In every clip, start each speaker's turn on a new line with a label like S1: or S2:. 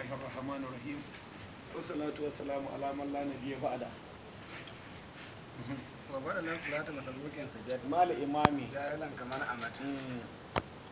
S1: الله الرحمن الرحيم والصلاة والسلام على من لا نبي بعده وبعد أن صلاة مسبوكين سجاد مال إمامي جاهلا كمان أمت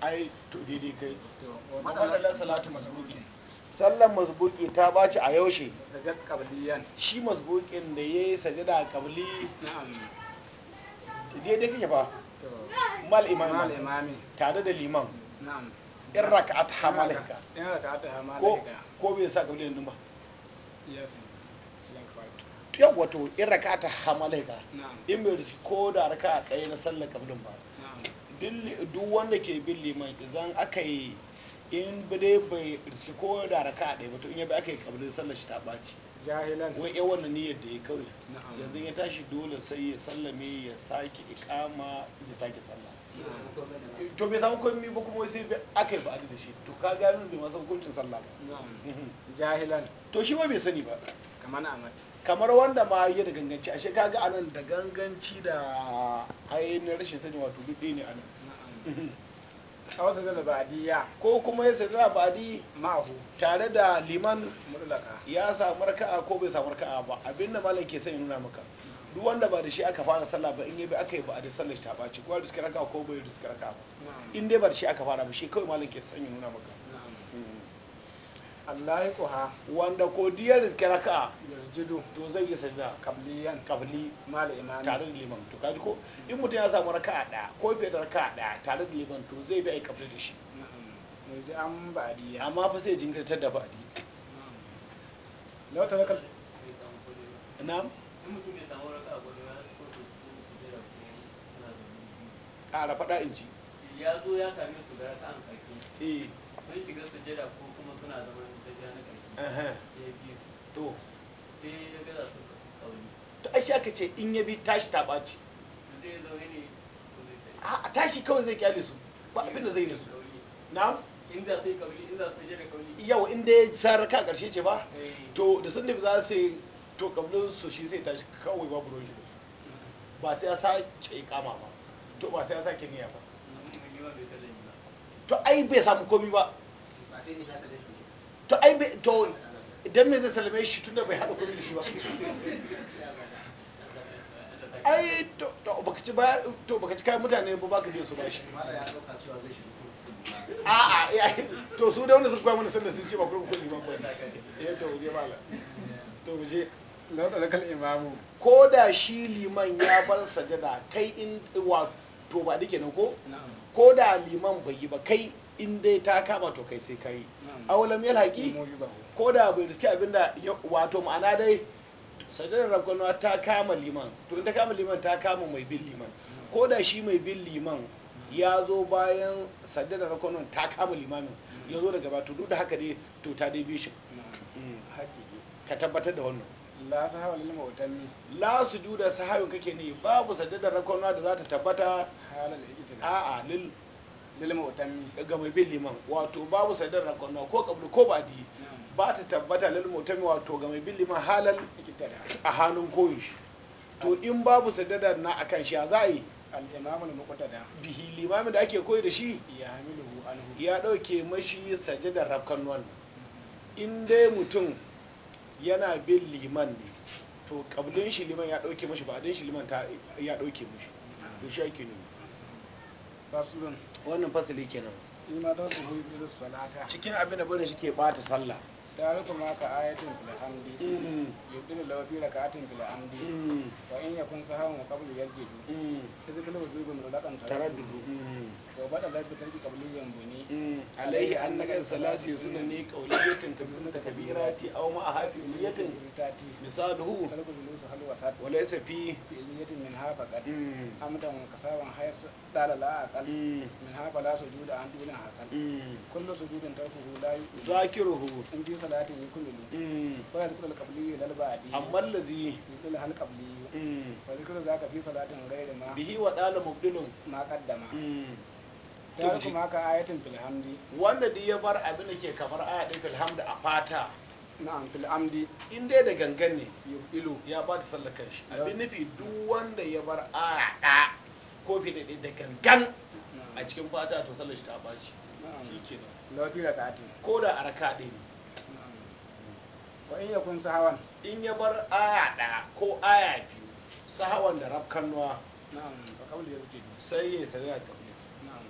S1: ai to daidai kai matsalar salatu masbuki sallar masbuki ta baci a yaushe shi masbukin da ya yi sajada kabli daidai kake fa
S2: mal imami
S1: tare da liman in raka'at hamalika ko bai sa kabli yanzu ba yau wato in hamalai hamalika in bai risi ko da a ɗaya na sallar kablin ba duk wanda ke bin liman idan aka yi in bude bai riski ko da raka ɗaya ba to in ya bi aka yi kabrin sallar shi ta ɓaci jahilan wai yawan wannan niyyar da ya kawai yanzu ya tashi dole sai ya sallame ya sake ikama ya sake sallah to bai samu komi ba kuma sai aka yi ba'adi da shi to ka gano bai masa hukuncin sallah ba mhm. jahilan to shi ma bai sani ba kamar na amata kamar wanda ma yi da ganganci ashe kaga anan da ganganci da ainihin rashin sani wato duk ne a nan. a wata zana ba'adiyya ko kuma ya sani ba'adi mahu tare da liman ya samu raka'a ko bai samu raka'a ba abin da malam ke sani nuna maka duk wanda ba da shi aka fara sallah ba in yi bai aka yi ba'adi shi ta ɓaci ko ya riska raka'a ko bai riska raka'a ba in dai ba da shi aka fara ba shi kawai malam ke son nuna maka Allah ya allaikuha wanda ko diyar riske a yanzu to zai yi sajda kabliyan kabli mala imani tare da liman to kaji ko in mutum ya samu raka a daya ko fiye da raka a daya tare da liman to zai bi ai kabli da shi yanzu an ba'adi amma fa sai jinkirtar da ba'adi lauta rakal na'am ƙara faɗa in ji
S2: ya zo ya kame su da raka'an ƙarfi sun shiga sujada ko kuma suna zaman sujada
S1: na ƙarshe ya bi su to sai ya gaza su kauli to ashe aka ce in ya bi tashi ta ɓaci zai zaune ne a tashi kawai zai kyale su ba abin da zai da su na'am Inda sai su inda sai in za su je da yau in dai saraka a ƙarshe ce ba eh. to da sun da za su yi to kaulin su shi sai tashi kawai ba buro shi mm-hmm. ba sai ya sake kama ba to ba sai ya sake niyya ba mm-hmm. to ai bai samu komi ba to ai to idan me zai salame shi tunda bai hada kuɗi da shi ba ai to baka ci ba to baka ci kayan mutane ba baka biyan su ba shi a'a to su da wanda sun kwa mana sanda sun ce ba kurkuku kuɗi ba ba eh to je mala to je kal imamu ko da shi liman ya bar sajada kai in wa to ba dike nan ko ko da liman bai yi ba kai in dai ta kama to kai sai kai awalam yal haqi ko da bai riske abinda wato ma'ana dai sadar rabkanwa ta kama liman to in ta kama liman ta kama mai bin liman ko da shi mai bin liman ya zo bayan sadar rabkanwa ta kama limanin ya zo daga ba to duk da haka dai to ta dai bishin mm. ka tabbatar da wannan la sahawa lil mu'tammi la sujuda sahawin kake ne babu sadar rabkanwa da za ta tabbata A'a lil lil mutammi ga mai bin liman wato babu sadar rakon ko kablu ko badi ba ta tabbata lil mutammi wato ga mai bin liman halal a halin koyi shi to in babu sadadar na kan shi za a yi al muqtada bihi limamin da ake koyi da shi ya hamilu anhu ya dauke mashi sajadar rakon nan in dai mutum yana bin liman ne to kablin shi liman ya dauke mashi ba din shi liman ta ya dauke mashi to shi ake nuna wannan fasali kenan ima da su hudu salata cikin abin da bane shike bata sallah tare kuma ka ayatin fil hamdi mm. yubdilu lahu fi rak'atin fil hamdi mm. wa in yakun sahawan wa qablu yajidu tazkulu mm. wujubun mulaqan taraddudu wa bada lafi tarki qabliyan buni alayhi annaka salasi sunani qawliyatin kabizun takbira تأتي أو معها فعلية مثاله وليس في فعلية منها فقد أمدا كساوا حيث دال لا أقل منها فلا سجود عن دون حسن كل سجود تركه لا ذاكره إن صلاة ذكر القبلي أما الذي يقول فذكر ذاك في صلاة غير ما به مبدل ما قدم kuma ka ayatin filhamdi wanda duk ya bar abin da ke kamar ayatin filhamdi a fata na'am fil amdi in dai da gangan ne ilu ya ba ta sallar kanshi abin nufi duk wanda ya bar aya da ko fi da da gangan a cikin fata to sallar shi ta ba baci shikenan lafiya da ati ko da arka ɗaya ne wa in yakun sahawan in ya bar aya da ko aya biyu sahawan da rafkannuwa na'am fa kauli ya wuce sai ya sai ya kauli na'am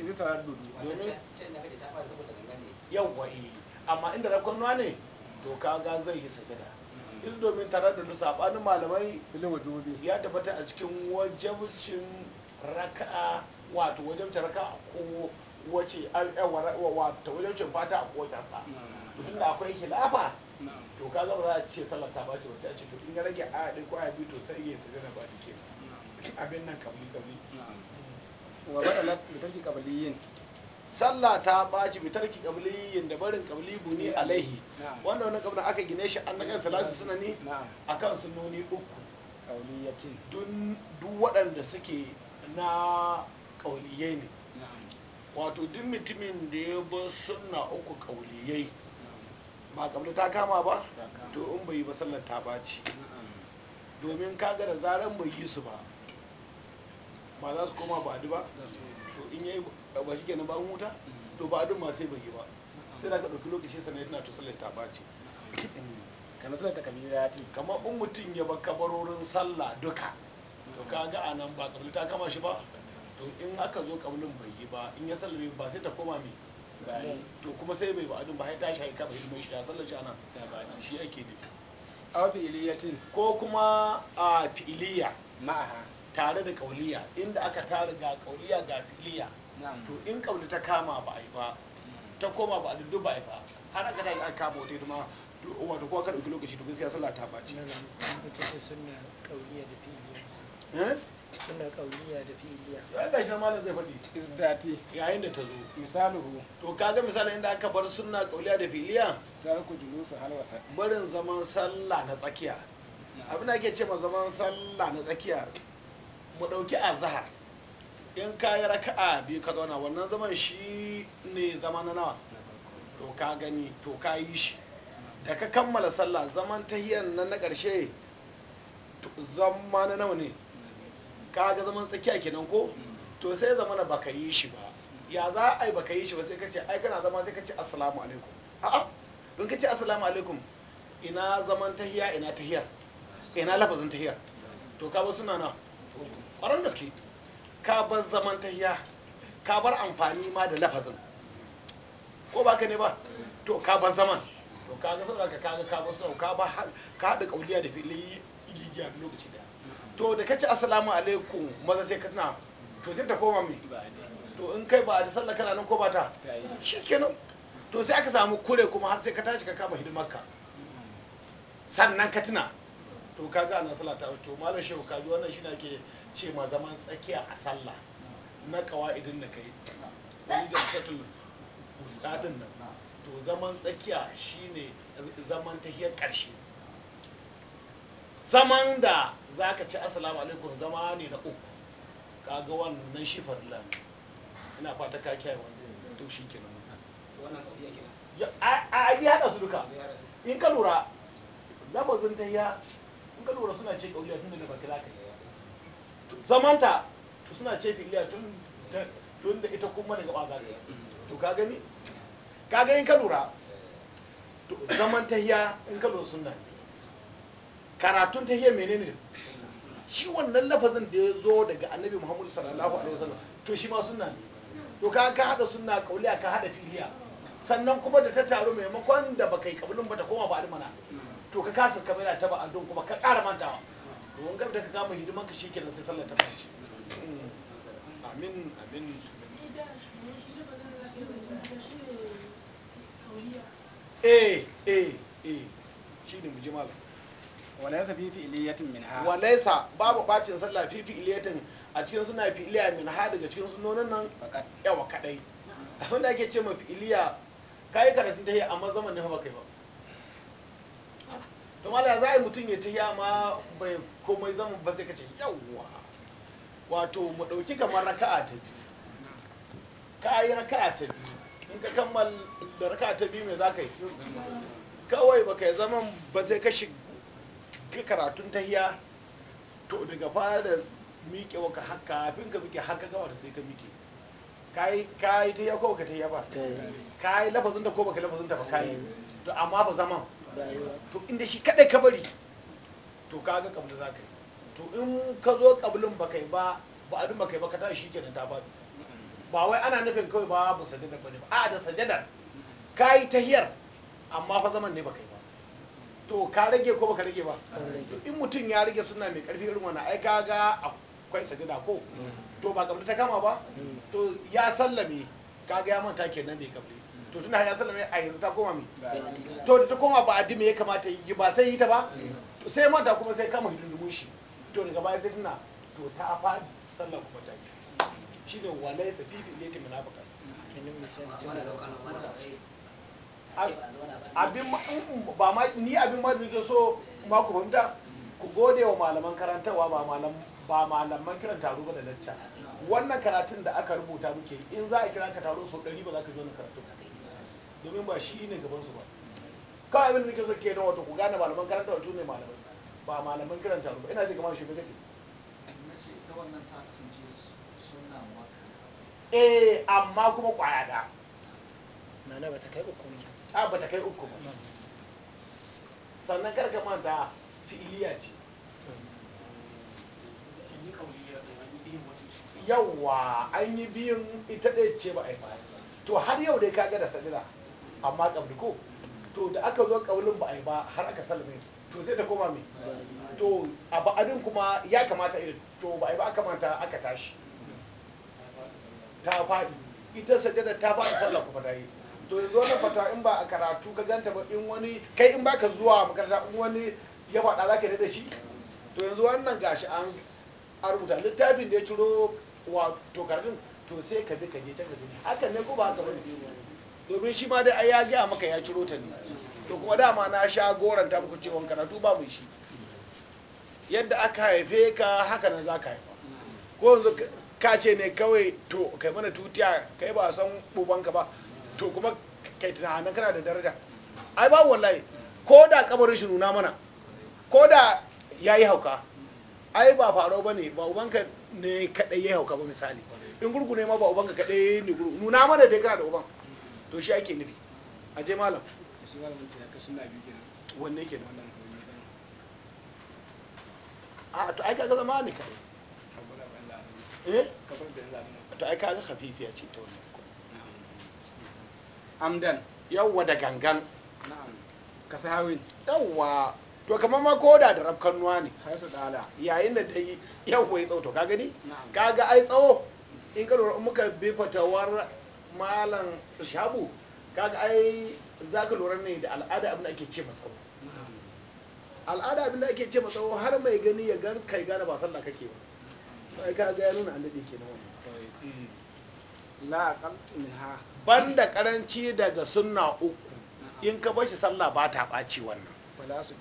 S1: idan ta dudu domin yawwa eh. amma inda rafkannuwa ne to kaga zai yi sajada in domin tare da da sabanin malamai ya tabbata a cikin wajabcin raka'a wato wajabcin raka'a ko wace eh, wato wajabcin fata a kowace ba tun da akwai khilafa to ka zama za a ce sallar ta ba ce wasu a cikin to in ya rage a ɗin ko a biyu to sai ya sajada ba ke abin nan kabali kabali wa bada lafi da take yin. sallah ta ɓaci bi tarki qabliyin da barin qabli buni alaihi Wannan wannan qabla aka gine shi an nakan salasu sunani akan sunnoni uku dun duk waɗanda suke na qauliyai ne wato duk mutumin da ya bar sunna uku qauliyai ba qabla ta kama ba to in bai ba sallar ta baci domin kaga da zaran bai yi su ba ba za su koma ba ba to in yayi ba shi kenan ba wuta to ba adun ma sai bai yi ba sai da ka ɗauki lokaci sannan yana to sallar ta bace kamar sallar takabira ta kamar in mutum ya bar kabarorin sallah duka to kaga anan ba kabila ta kama shi ba to in aka zo kabilin bai yi ba in ya sallame ba sai ta koma me to kuma sai bai ba adun ba sai ta shi kaba hidimai shi ya sallar shi anan shi ake nufi a fi'iliyatin ko kuma a fi'iliya ma'aha tare da kauliya inda aka tara ga kauliya ga filiya to in kauli ta kama ba a yi ba ta koma ba a duddu ba a yi ba har aka tashi aka kama wata ma wato kowa ka ɗauki lokaci to gaskiya sallah ta baci sunna kauliya da filiya eh? suna kauniya da filiya ya ga shi malam zai faɗi isdati yayin da ta zo misaluhu to kaga misali inda aka bar suna kauliya da filiya tarku julusu wasa. barin zaman sallah na tsakiya abin da ake ce ma zaman sallah na tsakiya mu ɗauki zahar in ka yi raka'a biyu ka zauna wannan zaman shi ne zama na nawa to ka gani to ka yi shi da ka kammala sallah zaman tahiyar nan na ƙarshe zama na nawa ne ka ga zaman tsakiya kenan ko to sai zama na baka yi shi ba ya za a yi baka yi shi ba sai ka ce ai kana zama sai ka ce assalamu alaikum a'a don ka ce assalamu alaikum ina zaman tahiya ina tahiyar ina lafazin tahiyar to ka ba suna na ƙwarar gaske ka bar zaman tahiya ka bar amfani ma da lafazin ko ba ka ne ba to ka bar zaman to ka ga saboda ka ga ka bar ka ba ka haɗa ƙauliya da fili gigiya lokaci daya to da ka ci assalamu alaikum maza sai ka tuna to sai ta koma mai to in kai ba da sallah kana nan ko ba ta shi kenan to sai aka samu kure kuma har sai ka tashi ka kama hidimarka sannan ka tuna to kaga ana sallah ta to malam shehu kaji wannan shi na ake ce ma zaman tsakiya a sallah na kawa'idin da kai wani jamsatul ustadin nan to zaman tsakiya shine zaman tahiyar ƙarshe zaman da za ka ci asalamu alaikum zama ne na uku kaga wannan shi farilla ina fata ka kiyaye wannan to shi kenan wannan a yi haɗa su duka in ka lura lafazin tahiya in ka lura suna ce ƙauliya tun da baki za ka yi zamanta to suna ce filiya tun da ita kuma daga ɓangare to ka gani ka ga in ka lura zaman tahiya in ka lura sunna karatun tahiya menene shi wannan lafazin da ya zo daga annabi muhammadu sallallahu alaihi wasallam to shi ma sunna ne to ka ka hada sunna kauliya ka hada filiya sannan kuma da ta taru maimakon da baka yi kabulin ba ta koma ba mana to ka kasa kamar ta ba addon kuma ka ƙara mantawa domin gab da ka gama hidiman ka shikenan sai sallar ta farce amin amin eh eh eh shine mu ji malam walaisa fi fi'iliyatin min ha walaisa babu bacin sallah fi fi'iliyatin a cikin suna fi'iliya min ha daga cikin sunonin nan yawa kadai abin da ake ce ma fi'iliya kai karatun ta yi amma zamanin haba kai ba to mala za a yi mutum ya yi amma bai komai zama ba sai kace yawwa wato mu ɗauki kamar raka'a ta biyu ka yi raka'a ta biyu in ka kammal da raka'a ta biyu me za ka yi kawai ba ka yi zaman ba sai ka shiga karatun tahiya to daga fara miƙe waka haka kafin ka miƙe haka gama ta sai ka miƙe ka yi ta yi ko ka ta yi ka yi lafazin da ko baka lafazin ta ba yi to amma ba zaman to inda shi kadai ka bari to ka ga za ka yi to in ka zo kabulin ba kai ba ba abin ba kai ba ka tashi shi kenan ta ba ba wai ana nufin kawai ba bu sajadar bane ba a da sajada ka yi tahiyar amma fa zaman ne ba kai ba to ka rage ko ba ka rage ba to in mutum ya rage suna mai karfi irin wannan ai ka ga akwai sajada ko mm. to ba kabli ta kama ba mm. to ya sallame ka ga ya manta kenan bai kabli to da hanyar sallama a yanzu ta koma mai to da ta koma ba addi mai ya kamata yi ba sai yi ta ba sai manta kuma sai kama hidindimun shi to daga baya sai tuna to ta faɗi sallar kuma ta yi shi ne tafi fi ne ta munafika baka ba ma ni abin ma da so ma ku fahimta ku gode wa malaman karantarwa ba malam ba malaman kiran taro ba da lacca wannan karatun da aka rubuta muke in za a kira ka taro sau ɗari ba za ka zo wani karatu domin ba shi ne gabansu ba kawai abin da nake so kenan wato ku gane malaman karanta wato ne malamai ba malaman karanta ba ina ji kamar shi kake ce ita wannan ta kasance suna muakkada eh amma kuma kwaya da nana ta kai uku ba a ba ta kai uku ba hmm. sannan karka manta fi'iliya ce yawwa an yi biyun ita ɗaya ce ba a yi ba to har yau dai kaga da sajida amma kabli ko to da aka zo kaulin ba a yi ba har aka salme to sai ta koma me to a ba'adin kuma ya kamata irin to ba a yi ba aka manta aka tashi ta faɗi ita sajada ta faɗi sallah kuma ta yi to yanzu wannan fatawa in ba a karatu ka ganta ba in wani kai in baka zuwa makaranta in wani ya faɗa za ka yi da shi to yanzu wannan gashi an a rubuta littafin da ya ciro wa to karatun to sai ka bi ka je can ka gani hakan ne ko ba haka ba ne domin shi ma dai ya gaya maka ya ciro ta ne to kuma dama na sha goranta muku cewa karatu ba mai shi yadda aka haife ka haka na za ka haifa ko yanzu ka ce ne kawai to kai mana tutiya kai ba san ka ba to kuma kai tunanin kana da daraja ai babu wallahi ko da kabarin shi nuna mana ko da ya yi hauka ai ba faro ba ne ba ubanka ne kaɗai ya yi hauka ba misali in gurgu ne ma ba ubanka kaɗai ne gurgu nuna mana dai kana da uban to shi ake nufi a je malam wanne ke da a to ai kaga zama ne kare. eh to ai kaga khafifiya ce ta wannan amdan yawwa da gangan na'am ka sahawin yawwa to kamar ma koda da rafkan nuwa ne har su dala yayin da ta yi yawwa ya tsawo to ka gani kaga ai tsawo in ka lura muka bi fatawar malam shabu kaga ai za ka lura ne da al'ada abin da ake ce masa al'ada abin da ake ce masa har mai gani ya gan kai gane ba sallah kake ba sai ka ga ya nuna an dade kenan wannan la qalha banda karanci daga sunna uku in ka bar shi sallah ba ta ɓaci wannan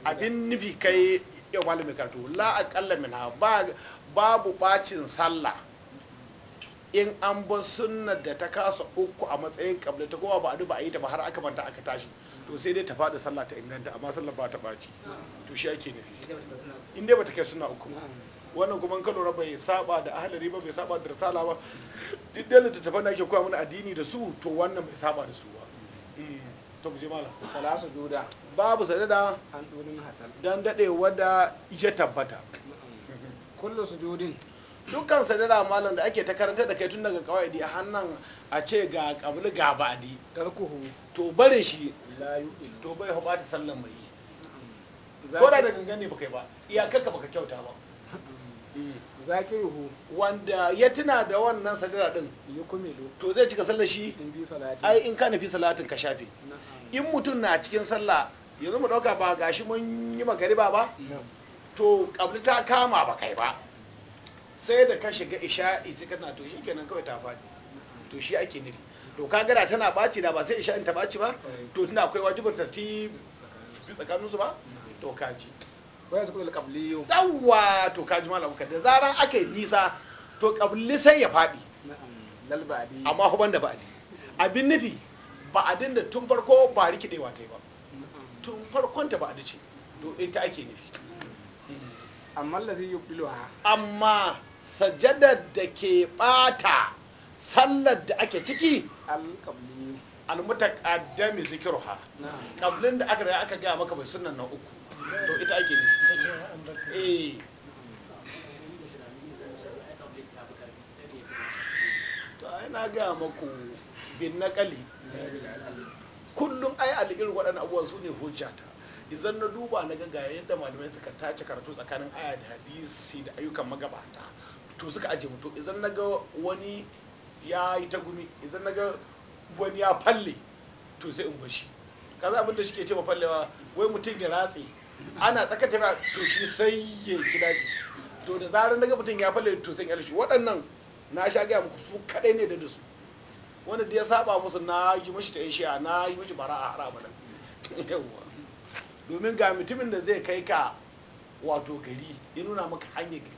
S1: abin nufi kai ya wali mai karatu la aqalla minha babu bacin sallah in an bar sunnar da ta kasa uku a matsayin kabla ta kowa ba a ba a yi ta ba har aka manta aka tashi to sai dai ta faɗi sallah ta inganta amma sallah ba ta ɓaci to shi ake nufi in dai ba ta kai suna uku wannan kuma ka lura bai saba da ahalari riba bai saba da risala ba duk da littattafan da ake koya mana addini da su to wannan bai saba da su ba mm. to ku je mala su juda babu sadada an durin hasal dan dade wanda ya tabbata kullu sujudin dukkan sadara malam da ake ta karanta da kai tun daga kawai a hannun a ce ga kabul ga ba'adi tarkuhu to bare shi to bai ta sallan mai ko da gangan ne baka yi ba iyakarka baka kyauta ba mm. zakiruhu wanda ya tuna da wannan sadara din yukumilu to zai cika sallar shi ai in ka nufi salatin ka shafe in mutum na cikin sallah yanzu mu dauka ba gashi mun yi magariba ba to kabul ta kama ba kai ba sai da ka shiga isha'i sai kana to shi kenan kawai ta faɗi to shi ake nufi to ka gada tana ɓaci da ba sai isha'in ta ɓaci ba to tana akwai wajibin ti tsakanin su ba to yau yawwa to kaji malam ka da zara ake nisa to kabli sai ya faɗi amma kuma da ba'adi abin nufi ba'adin da tun farko ba rikidewa ta yi ba tun farkon ta ba'adi ce to ita ake nufi amma lazi yubdiluha amma sajadar da ke bata sallar da ake ciki almutaqaddami zikruha qablin da aka aka gaya maka bai sunan na uku to ita ake ne eh. to ai na gaya maku bin naqali kullum ai al'ir waɗannan abubuwan sune hujjata idan na duba na ga yadda malamai suka tace karatu tsakanin aya da hadisi da ayyukan magabata to suka aje mutu, to idan na ga wani ya yi ta gumi idan na ga wani ya falle to sai in bashi kaza abin da shike ce ma fallewa wai mutum ya ratse ana tsaka tafiya to shi sai ya yi gidaje. to da zarar na ga mutum ya falle to sai ya shi waɗannan na sha gaya muku su kaɗai ne da su wanda da ya saba musu na yi mashi ta shi'a na yi mashi bara a hara bada yawwa domin ga mutumin da zai kai ka wato gari ya nuna maka hanyar gari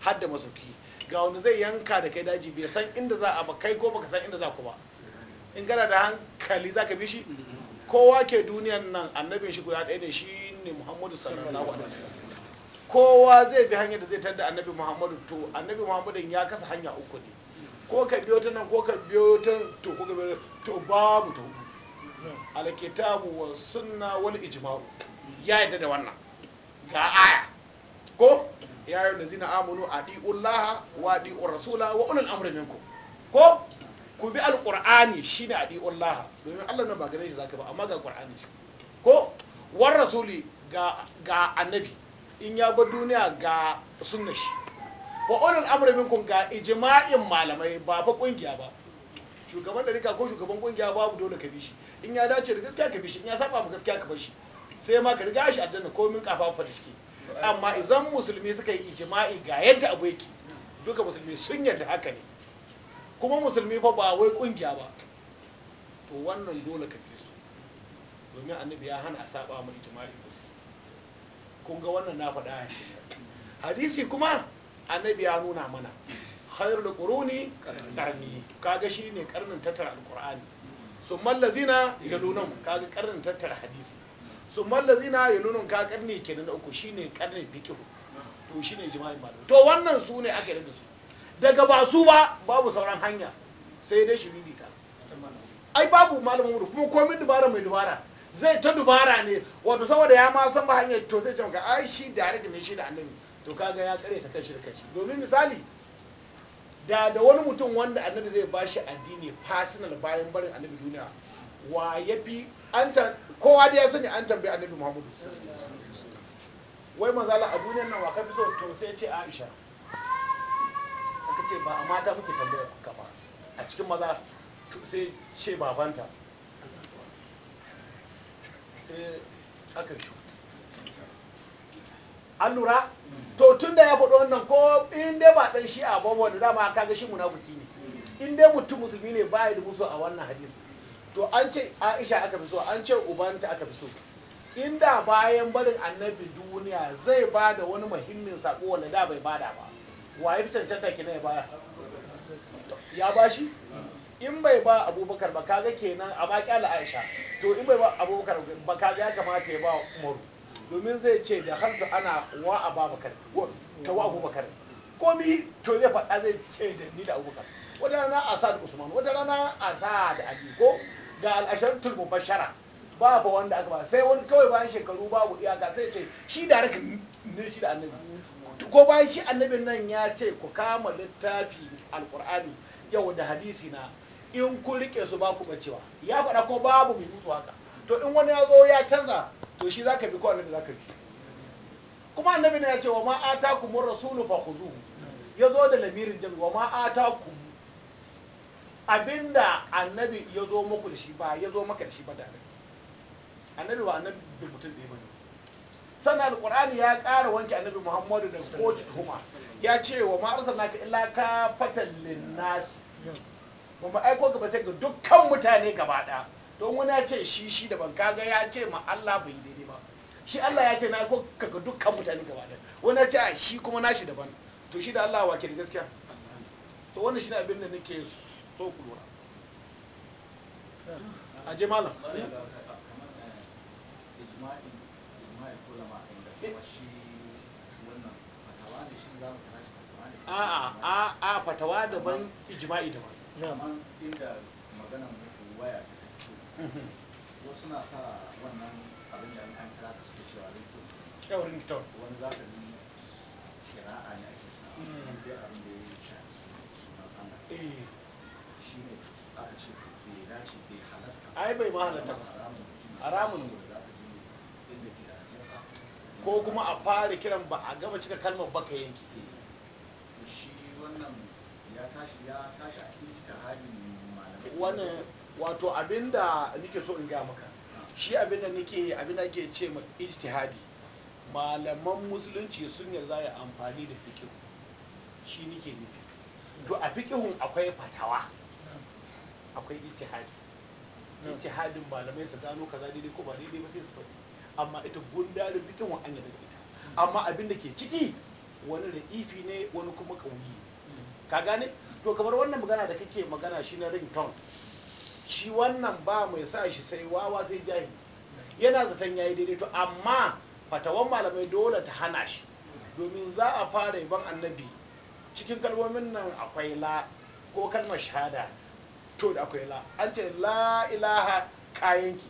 S1: har da masauki ga wani zai yanka da kai daji bai san inda za a ba kai ko baka san inda za ku ba in gana da hankali za ka bi shi kowa ke duniyan nan annabin shi guda ɗaya ne shi ne muhammadu sallallahu alaihi wasallam kowa zai bi hanyar da zai tada annabi muhammadu to annabi Muhammadu ya kasa hanya uku ne ko ka biyo ta nan ko ka biyo ta to ko ka biyo to babu to alkitabu wa sunna wal ijma'u ya yadda da wannan ga aya ko ya da zina amunu a Laha wa ɗi’un rasula wa ulul amri ko ku bi alƙur'ani shi ne a Laha domin allah nan ba gane shi zaka ba amma ga ƙur'ani shi ko war rasuli ga annabi in ya ba duniya ga sunna shi wa ulul ga ijima'in malamai ba ba kungiya ba shugaban rika ko shugaban kungiya babu dole ka bi shi in ya dace da gaskiya ka bi shi in ya saba ma gaskiya ka bar shi sai ma ka riga shi a aljanna komin kafafa da shi amma idan musulmi suka yi ijima'i ga yadda abu yake duka musulmi sun yarda haka ne kuma musulmi fa ba wai kungiya ba to wannan dole ka bi su domin annabi ya hana a saba mu ijima'i musulmi kun ga wannan na faɗa a hadisi kuma annabi ya nuna mana khairul quruni qarni kaga shine karnin tattara alqur'ani summa allazina Ka kaga karnin tattara hadisi su zina ya nuna ka karni ke da uku ne karnin fikihu to shi ne jima'i malamai to wannan su ne aka da su daga ba su ba babu sauran hanya sai dai shiriri ta ai babu malamin mu kuma komai dubara mai dubara zai ta dubara ne wato saboda ya ma san ba hanya to sai ce ka ai shi da rage mai shi da annabi to kaga ya kare ta kan shi kashi domin misali da da wani mutum wanda annabi zai bashi addini personal bayan barin annabi duniya wa ya fi kowa da ya sani an tambayi annabi muhammadu wai manzala a duniyar nan wa ka fi so to sai ce aisha aka ce ba a mata muke tambayar ka ba a cikin maza sai ce babanta sai aka shi an lura to tun da ya faɗo wannan ko in dai ba ɗan a babu wanda dama kaga shi munafuki
S2: ne
S1: in dai mutum musulmi ne ba ya da musu a wannan hadisi to an ce aisha aka fi so an ce ubanta aka fi so inda bayan barin annabi duniya zai ba da wani muhimmin sako wanda da bai bada ba Wa ya fi cancanta ki ya baya ya ba shi? in bai ba abubakar ba kaga kenan a baki ala aisha to in bai ba abubakar ba kaga ya kamata ya ba umaru domin zai ce da harta ana wa a babakar ta wa abubakar komi to zai faɗa zai ce da ni da abubakar wata rana a sa da usman wata rana a sa da ali ko ga al'asharatul mubashara babu wanda aka ba sai wani kawai bayan shekaru babu iyaka sai ce shi da raka ne shi da annabi ko bayan shi annabin nan ya ce ku kama littafi alkur'ani yau da hadisi na in kun rike su ba ku bacewa ya faɗa ko babu mai musu haka to in wani ya zo ya canza to shi zaka bi ko annabi zaka bi kuma annabi ne ya ce wa ma atakumur rasulu fakhuzuhu ya zo da lamirin jami wa ma atakum abinda annabi ya zo muku da shi ba ya zo maka da shi ba da annabi ba annabi da mutum ɗaya bane sannan alqur'ani ya ƙara wanke annabi muhammadu da kotu tuhuma ya ce wa ma'arsa na ka illa ka fatan linnas hmm. ba mu aiko ka ba sai ga dukkan mutane gaba ɗaya don wani ya ce shi shi daban kaga ya ce ma Allah bai daidai ba shi Allah ya ce na aiko ka ga dukkan mutane gaba ɗaya wani ya ce shi kuma nashi daban to shi da Allah wa ke gaskiya to wannan ne abin da nake so so ku lura eh, a je malam a'a a a fatawa daban ijma'i daban inda waya wasu na sa wannan abin da an kira suke cewa wani za ka ne ake sa wani mm. abin da ya shine aka ce bai dace bai halasta ai bai ma halatta haramun ne za ka da ke ko kuma a fara kiran ba a gama cika kalmar baka yanki eh. to shi wannan ya tashi ya tashi a cikin ijtihadin malamai wannan wato abinda nake so in ga maka shi abinda nake abinda ke ce ma ijtihadi malaman musulunci sun yarda ya amfani da fikihu shi nake nufi to a fikihun akwai fatawa akwai itihadi ijtihadin malamai su gano kaza daidai ko ba daidai ba sai su faɗi amma ita gundarin bikin wa an da ita mm. amma abin da ke ciki wani da ifi ne wani kuma kauyi
S2: mm.
S1: ka gane to kamar wannan magana da kake magana shi na ringtone shi wannan ba mai sa shi sai wawa zai jahi mm. yana zaton yayi daidai to amma fatawan malamai dole ta hana shi domin za a fara yaban annabi cikin kalmomin nan akwai la ko kalmar shahada to da akwai la an ce la ilaha kayanki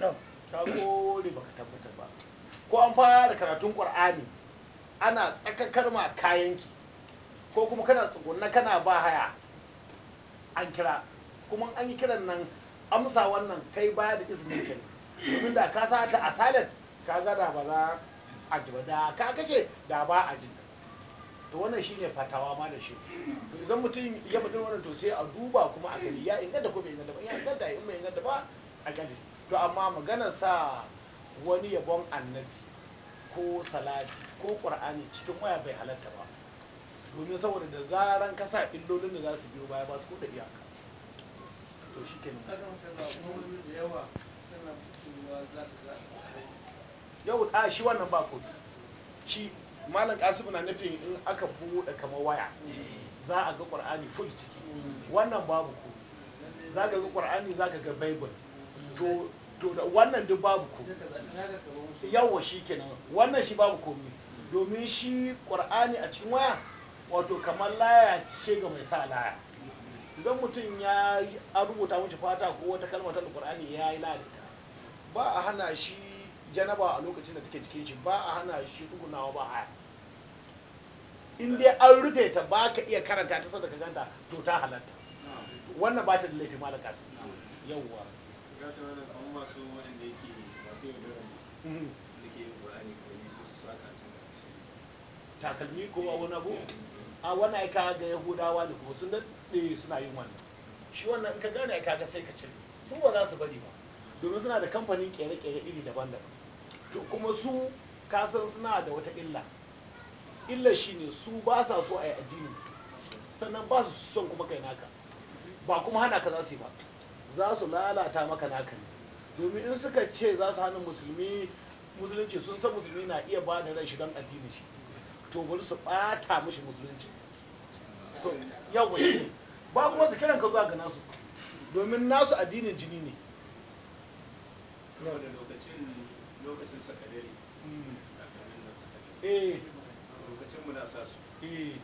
S1: nan ta kore ka tabbatar ba ko an fara da karatun qur'ani ana tsakakar ma kayanki ko kuma kana tsugunna kana ba haya an kira kuma an yi kiran nan amsa wannan kai baya da izinin ka ne domin da ka sa ta asalin ka gada ba za a ji ba da ka kace da ba a jinta to wannan shine fatawa ma da shi to idan mutum ya faɗi wannan to sai a duba kuma a gari ya inganta ko bai inganta ba ya inganta in bai inganta ba a gari to amma maganar sa wani yabon annabi ko salati ko qur'ani cikin waya bai halatta ba domin saboda da zaran kasa illolin da za su biyo baya ba su kuɗa iyaka to shi ke yau a shi wannan ba shi malam kasimu na nufin in aka buɗe kamar waya za a ga ƙwar'ani full ciki wannan babu ku za ka ga ƙwar'ani za ka ga bible to to da wannan duk babu ku yawa shi kenan wannan shi babu komi domin shi ƙwar'ani a cikin waya wato kamar laya ce ga mai sa laya idan mutum ya rubuta mace fata ko wata kalmar ta ƙwar'ani ya yi laya ba a hana shi janaba a lokacin da take cikin shi ba a hana shi tsugunawa ba a in dai an rufe ta ba ka iya karanta ta sadaka ganta to ta halatta wannan ba ta da laifi malaka su yawwa takalmi ko a wani abu a wani aika ga yahudawa da kuma sun daɗe suna yin wannan shi wannan in ka gane aika ga sai ka cire su ba za su bari ba domin suna da kamfanin kere-kere iri daban-daban to kuma su kasan suna da wata illa illa shine su ba sa so a yi addini sannan ba su son kuma kai naka ba kuma hana ka za su yi ba za su lalata maka naka ne domin in suka ce za su hana musulmi musulunci sun san musulmi na iya ba da ran shi don addini shi to bari su bata mishi musulunci so yawa shi ba kuma su kiran ka zuwa ga nasu domin nasu addinin jini ne lokacin sakadare takalmin hmm. na sakadare eh. lokacin muna sa su eh.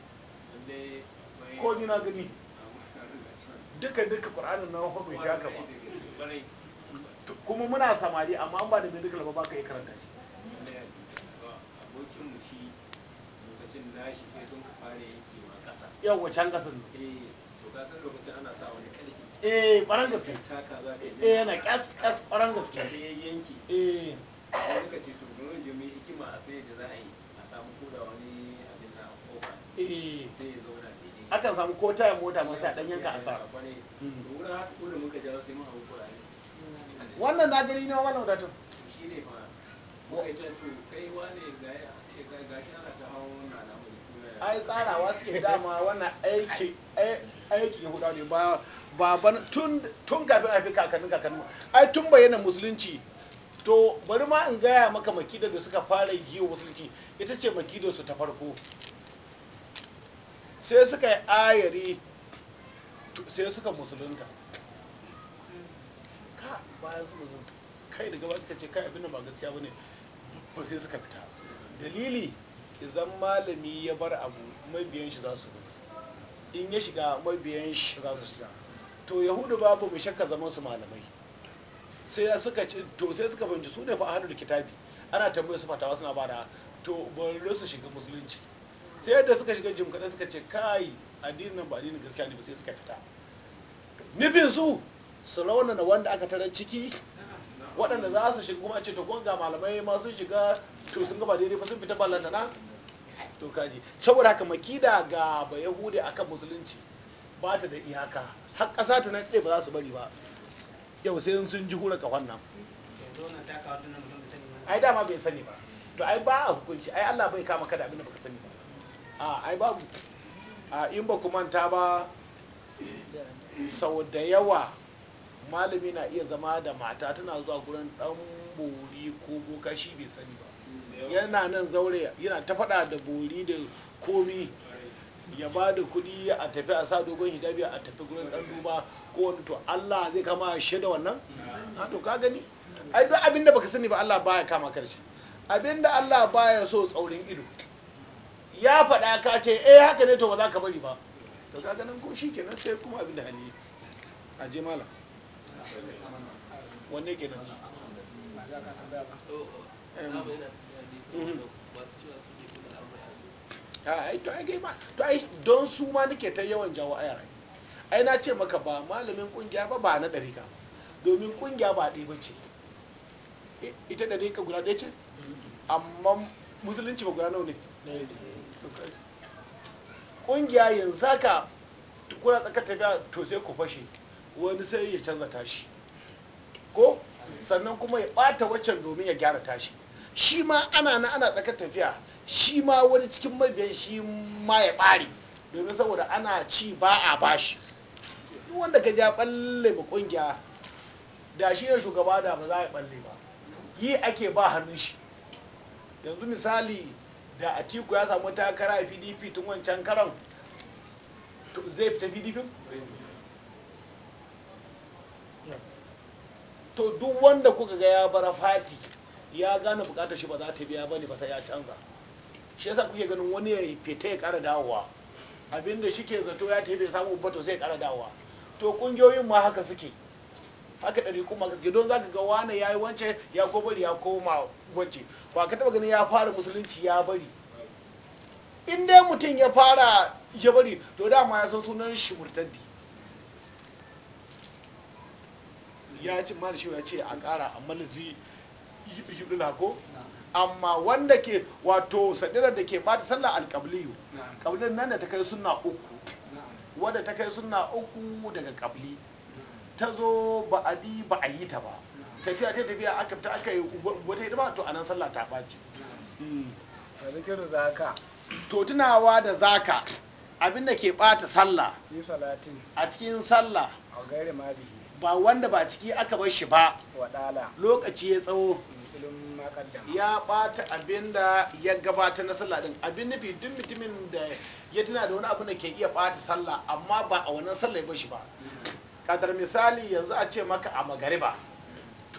S1: lalle ko ni na gani duka duka qur'anin na hudu ya ka ba kuma muna samari amma an ba da duka laba baka yi karanta shi abokin mu shi lokacin nashi sai sun ka fara yankewa kasa yawa can ƙasa ne eh, to ka san lokacin ana sa wani kalifi eh ƙwarar gaske eh yana ƙas ƙas ƙwarar gaske sai ya yanke eh sai samu ya akan samu ko mota ma a yanka a sa hmm. da muka wannan na ne wannan wadatun shi ne ba muka ce to kai wane ga ya ce ana ta wannan
S2: na ai tsarawa suke
S1: dama wannan aiki aiki ne ba baban tun kafin a fi kakannin kakannin ai tun bayyana musulunci to bari ma in gaya maka makidar da suka fara yi musulunci ita ce makidar su ta farko sai suka yi ayari sai suka musulunta ka bayan su musulunta kai daga gaba suka ce kai abin da ba gaskiya bane ba sai suka fita dalili idan malami ya bar abu mabiyan shi za su bi in ya shiga mabiyan shi za su shiga to yahudu babu mai shakka zaman su malamai sai suka to sai suka fahimci su ne fa ahlul kitabi ana tambayar su fatawa suna bada to bari su shiga musulunci sai yadda suka shiga jim kadan suka ce kai addinin nan ba addinin gaskiya ne ba sai suka fita nufin su su na wanda aka tarar ciki waɗanda za su shiga kuma a ce to kun ga malamai ma sun shiga to sun gaba daidai ba sun fita na to kaji saboda haka makida ga ba yahudi akan musulunci ba ta da iyaka har ƙasa ta nan ɗaya ba za su bari ba yau sai sun ji hura kafan nan ai dama bai sani ba to ai ba a hukunci ai Allah bai kama kada da abin da baka sani ba a ai babu a in ba ku manta ba sau da yawa malami na iya zama da mata tana zuwa gurin dan bori ko boka shi bai sani ba yana nan zaure yana ta faɗa da bori da komi ya ba da kuɗi a tafi a sa dogon hijabi a tafi gurin dan duba ko wani to Allah zai kama shi da wannan ha to ka gani ai duk abin da baka sani ba Allah baya kama karshe abin da Allah baya so tsaurin ido ya faɗa ka ce eh haka ne to ba za ka bari ba to ka ganin ko shikenan sai kuma abin da hali a je malam wanne kenan masu cewa Ah, ai to ai gai ba to ai don su ma nake ta yawan jawo a yara. ai na ce maka ba malamin kungiya ba ba na dariƙa domin kungiya ba ɗaya bace ita da dariƙa guda ɗaya ce amma musulunci ba guda nawa ne kungiya yanzu haka kuna tsakar tafiya to sai ku fashe wani sai ya canza tashi ko sannan kuma ya ɓata waccan domin ya gyara tashi shi ma ana na ana tsakar tafiya shi ma wani cikin mabiyan shi ma ya ɓare domin saboda ana ci ba a bashi duk wanda ka ja balle ba kungiya da shi ne shugaba da ba za a balle ba yi ake ba hannun shi yanzu misali da atiku ya samu takara a pdp tun wancan karan zai fita pdp to duk wanda kuka ga ya bara fati ya gane bukatar shi ba za ta biya ba ne ba sai ya canza shi yasa kuke ganin wani ya fita ya kara dawowa abinda shi ke zato ya tafi bai samu ba to sai ya kara dawowa to kungiyoyin ma haka suke haka ɗari kuma gaske don zaka ga wani ya yi wance ya ko ya koma wance ba ka taɓa ganin ya fara musulunci ya bari in dai mutum ya fara ya bari to dama ya san sunan shi murtaddi ya ma mana shi ya ce a ƙara amma ji yi ko amma wanda ke wato sadirar da ke bata sallah alkabliyu kablin nan da ta kai suna uku wadda ta kai suna uku daga kabli ta zo ba a di ba a yi ta ba tafiya ta tafiya aka fita aka yi wata hidima to anan sallah ta ɓaci hmm. to tunawa da zaka abinda ke ɓata sallah a cikin sallah ba wanda ba ciki aka bar shi ba lokaci ya tsawo ya ɓata abinda ya gabata na sallah din abin nufi duk mutumin da ya tana da wani abu da ke iya bata sallah amma ba a wannan sallah ya shi ba kadar misali yanzu a ce maka a magariba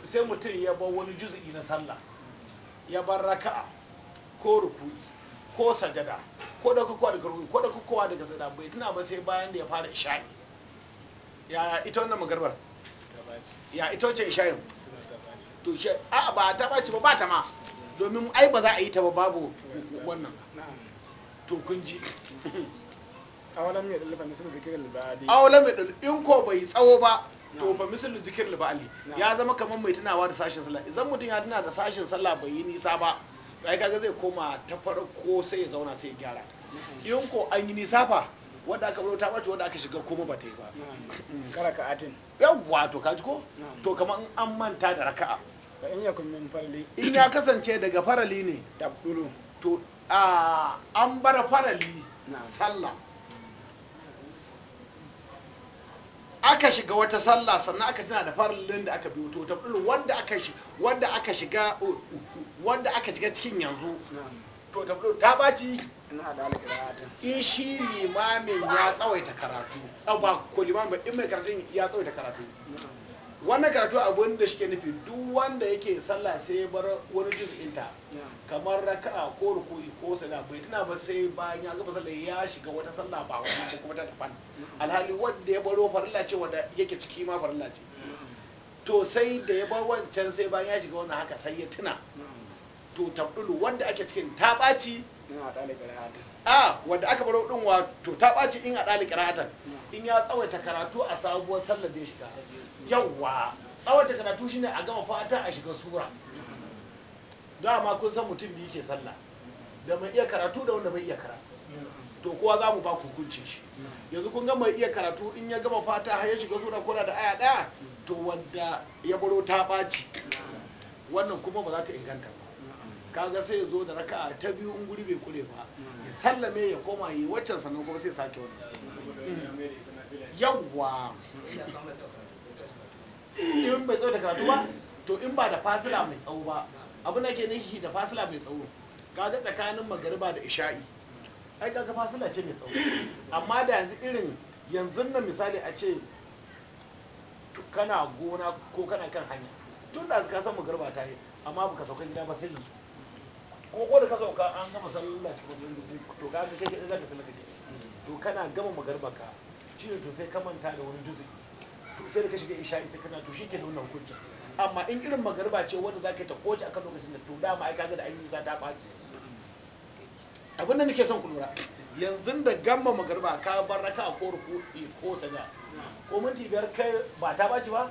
S1: sai mutum ya bar wani juzi na sallah ya bar raka'a ko ruku'i ko sajada ko da kokowa daga ruku'i ko da kokowa daga sajada bai tuna ba sai bayan da ya fara isha'i ya ita wannan magarbar ya ita wacce ishayin to shi a ba ta ɓaci ba ba ta ma domin ai ba za a yi ta ba babu wannan to kun ji awalam ya dalfa misalu libali in ko bai tsawo ba to fa misalin zikir libali ya zama kamar mai tunawa da sashen sallah idan mutum ya tuna da sashen sallah bai yi nisa ba ai kaga zai koma ta farko sai ya zauna sai ya gyara in ko an yi nisa fa wanda aka baro ta bace wanda aka shiga kuma ba ta yi ba mm, kara ka atin yawwa to kaji ko mm. to kamar in an manta da raka'a in ya kun farali in ya kasance daga farali ne tabdulu to an bar farali sallah aka shiga wata sallah sannan aka tana da farallin da aka biyo to tabdulu wanda aka shiga wanda aka shiga cikin yanzu to fito ta baci in shi limamin ya tsawaita karatu ba ko limamin ba in mai karatun ya tsawaita karatu wannan karatu abin da shike nufi duk wanda yake sallah sai bar wani ta. kamar raka'a ko ruku'i ko sala bai tana ba sai bayan ya gaba sallah ya shiga wata sallah ba wani ko kuma ta daban alhali wanda ya baro farilla ce wanda yake ciki ma farilla ce to sai da ya bar wancan sai bayan ya shiga wannan haka sai ya tuna wato tabdulu wanda ake cikin ta ɓaci a wanda aka baro din wato ta ɓaci in a ɗali ƙira'atan in ya tsawaita karatu a sabuwar sallar da ya shiga yawwa tsawaita karatu shine a gama fata a shiga sura dama kun san mutum da yake sallah da mai iya karatu da wanda bai iya karatu to kowa za mu ba hukuncin shi yanzu kun gama iya karatu in ya gama fata har ya shiga sura kuna da aya daya to wanda ya baro ta ɓaci wannan kuma ba za ta inganta ba kaga sai ya zo da raka'a ta biyu in guri bai kure ba ya sallame ya koma yi waccan sannan kuma sai sake wani yawwa in bai tsawo da karatu ba to in ba da fasila mai tsawo ba abu na ke nihi da fasila mai tsawo kaga tsakanin magariba da isha'i ai kaga fasila ce mai tsawo amma da yanzu irin yanzu nan misali a ce kana gona ko kana kan hanya tun da ka san magariba ta yi amma baka sauka gida ba sai yanzu ko ko da ka sauka an gama sallah to ka ga kai za ka sallah kake to kana gama magarba ka shine to sai ka manta da wani juzu'i to sai da ka shiga isha'i sai kana to shi ke nuna hukuncin amma in irin magarba ce wanda za ka ta koce akan lokacin da to dama ai kaga da an yi sa ta baki abin da nake son ku lura yanzu da gama magarba ka bar raka ko ruku'i ko saja ko minti biyar kai ba ta baci ba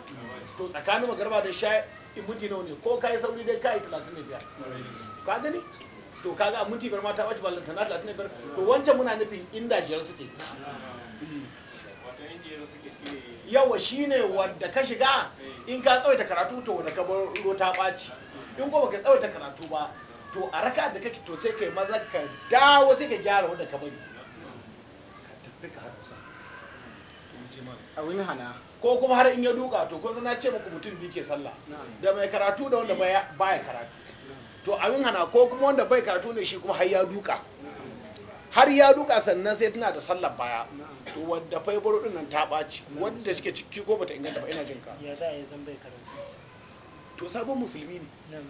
S1: to tsakanin magarba da sha minti nawa ne ko kai sauri dai kai biyar? ka gani to kaga minti biyar ma ta ɓaci ballon tana talatin biyar to wancan muna nufin inda jiyar suke yawa shine wanda ka shiga in ka tsawaita karatu to wanda ka baro ta ɓaci in ko ka tsawaita karatu ba to a raka da kake to sai kai maza ka dawo sai ka gyara wanda ka bari
S2: ka
S1: tafi ka haɗa a wani hana ko kuma har in ya duka to kun na ce muku mutum biyu ke sallah da mai karatu da wanda baya karatu to abin hana ko kuma wanda bai karatu ne shi kuma har ya duka har ya duka sannan sai tana da sallar baya to wanda faibaro din nan ta ɓaci wanda suke ciki ko bata inganta ba ina jin ka ya za a yi zan bai karatu to sabon musulmi ne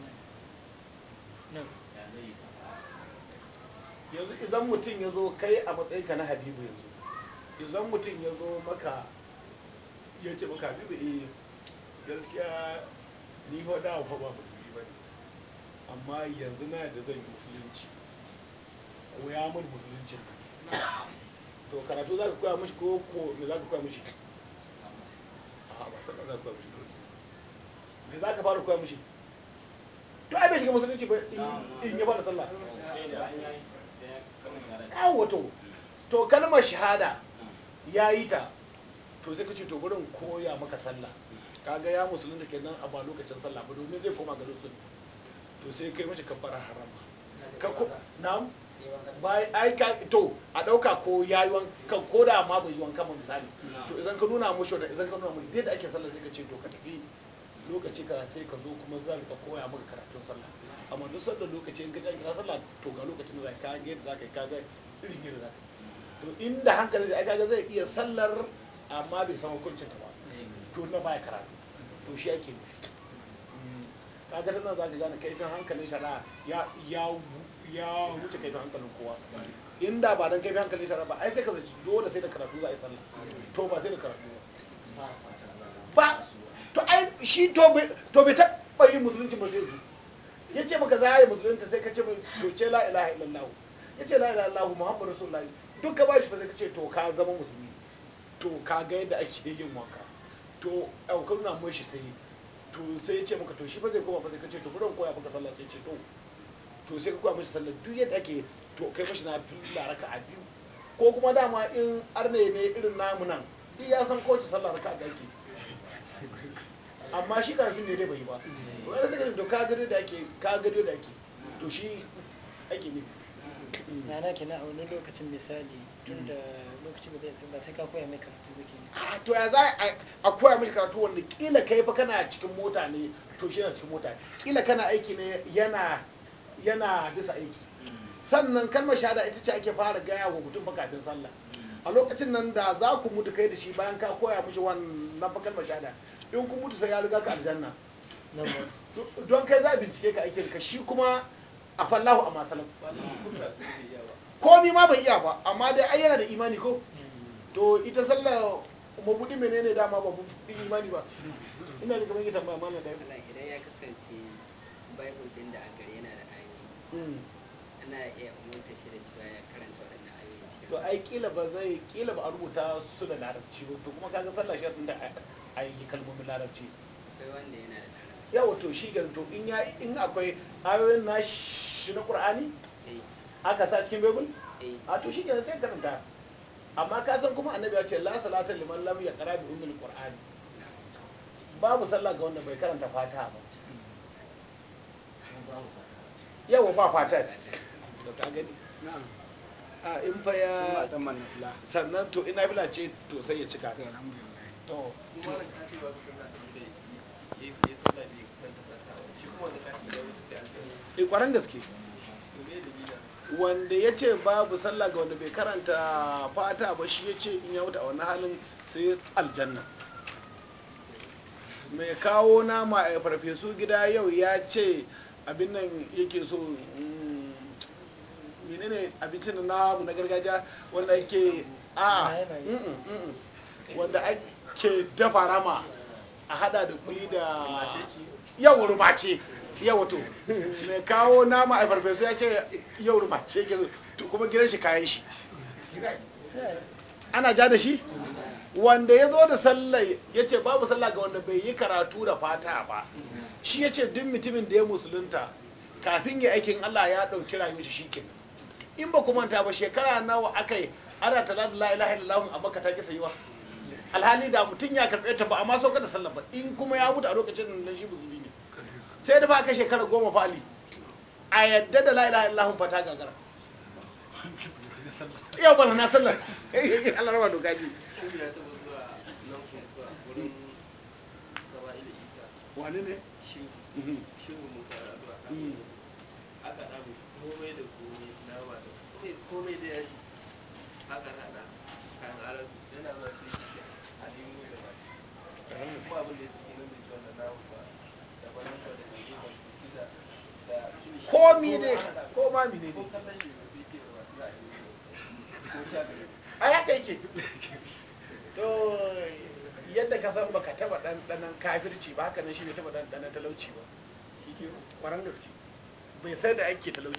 S1: yanzu idan mutum ya zo kai a matsayinka na habibu yanzu idan mutum ya zo maka ya ce maka habibu eh gaskiya ni ho da ba ba amma yanzu na yadda zan yi musulunci koya min musuluncin to karatu za ka koya mishi ko ko me za ka koya mishi a ba sai za ka me za ka fara koya mishi to ai bai shiga musulunci ba in ya fara sallah yawo to to kalmar shahada ya yi ta to sai ka ce to gurin koya maka sallah kaga ya musulunta kenan a ba lokacin sallah ba domin zai koma garin sunna to sai kai mace kafara harama ka ko na'am bai ai ka to a dauka ko yayi kan ko da ma bai yi wankan misali to idan ka nuna mushi wannan idan ka nuna mushi da ake sallah sai ka ce to ka tafi lokaci kaza sai ka zo kuma zan ka koya maka karatun sallah amma duk sanda lokaci in ka ji ka sallah to ga lokacin da ka ga yadda zaka yi ka ga irin yadda zaka to inda hankali zai ga zai iya sallar amma bai san hukuncin ta ba to na baya karatu to shi ake nufi kaga nan za ka gane kaifin hankalin shari'a ya wuce kaifin hankalin kowa inda ba don kaifin hankalin shari'a ba ai sai ka zaci dole sai da karatu za a yi sallah to ba sai da karatu ba ba to ai shi to bai taɓa yin musulunci ba sai ya ce maka za a yi musulunta sai ka ce mai to ce la ilaha illallah ya ce la ilaha illallah muhammadu rasulullah duk ka bashi ba sai ka ce to ka zama musulmi to ka ga yadda ake yin wanka to aukar na mashi sai to sai ya ce maka to shi ba zai koma ba sai ka ce to bari koya maka sallah sai ce to to sai ka koya mishi sallah duk yadda ake to kai mishi na fi raka a biyu ko kuma dama in arne ne irin namu nan duk ya san kowace sallah raka da ake amma shi karfin ne dai bai ba wani suka to ka gado da ake ka gado da ake to shi ake nufi yana kina a wani lokacin misali tun da lokacin da zai ba sai ka koya mai karatu ba kenan ah, to ya za a koya mai karatu wanda kila kai fa kana cikin mota ne to shi yana cikin mota kila kana aiki ne yana yana bisa aiki sannan kalmar shahada ita ce ake fara gaya wa mutum fa kafin sallah a lokacin nan da za ku mutu kai da shi bayan ka koya mishi wannan fa kalmar shahada in ku mutu sai ya riga ka aljanna don kai za a bincike ka aikin ka shi kuma a fallahu a masalam komi ma bai iya ba amma dai ai yana da imani ko to ita sallah mabudi menene dama ba mabudi imani ba ina da kamar ita ba mana da idan ya kasance bible din da a yana da ayoyi hmm. ana iya umarta shi da cewa ya karanta waɗannan ayoyi to ai kila ba zai kila ba a rubuta su da larabci ba to kuma kaga sallah shi da ayoyi kalmomin larabci akwai wanda yana da yawa to shi ga to in yayi in akwai ayoyin na shi na qur'ani eh. aka sa cikin bible eh. a to shi ga sai karanta amma ka san kuma annabi ya ce la salata liman lam yaqra bi ummil qur'ani babu sallah ga wanda bai karanta fata ba yawa ba fata da ka gani a in fa ya sannan to ina bila ce to sai ya cika to e eh, kwaran gaske wanda ya ce babu sallah ga wanda bai karanta fata ba shi ya ce in ya wuta a wani halin sai aljanna mai kawo nama a farfesu gida yau ya ce abin nan yake so mm, ne abincin da namu na gargajiya wanda ake a wanda ake dafa rama a hada da kuli da yau yau to mai kawo nama a farfesu ya ce yau rumace kuma gidan shi kayan shi ana ja da shi wanda ya zo da Sallai ya ce babu sallah ga wanda bai yi karatu da fata ba shi ya ce duk mutumin da ya musulunta kafin ya aikin Allah ya ɗauki rayuwar shi shikin in ba kuma ta ba shekara nawa aka yi ana talatu la ilaha illallah a makata ta kisa yiwa alhali da mutum ya karɓe ta ba amma sauka da sallar ba in kuma ya mutu a lokacin da shi musulmi ne sai da ba ka shekara goma fa ali a yadda da la'ila ilaha illallah ta gagara yau bala na sallar Allah rama doka ji wane ne komai da komai na komai da yashi aka komi dai ko ma mine ne a haka yake to yadda ka san baka taba ɗanɗanan kafirci ba haka nan shi bai taba ɗanɗanan talauci ba ƙwarar gaske bai sai da ake talauci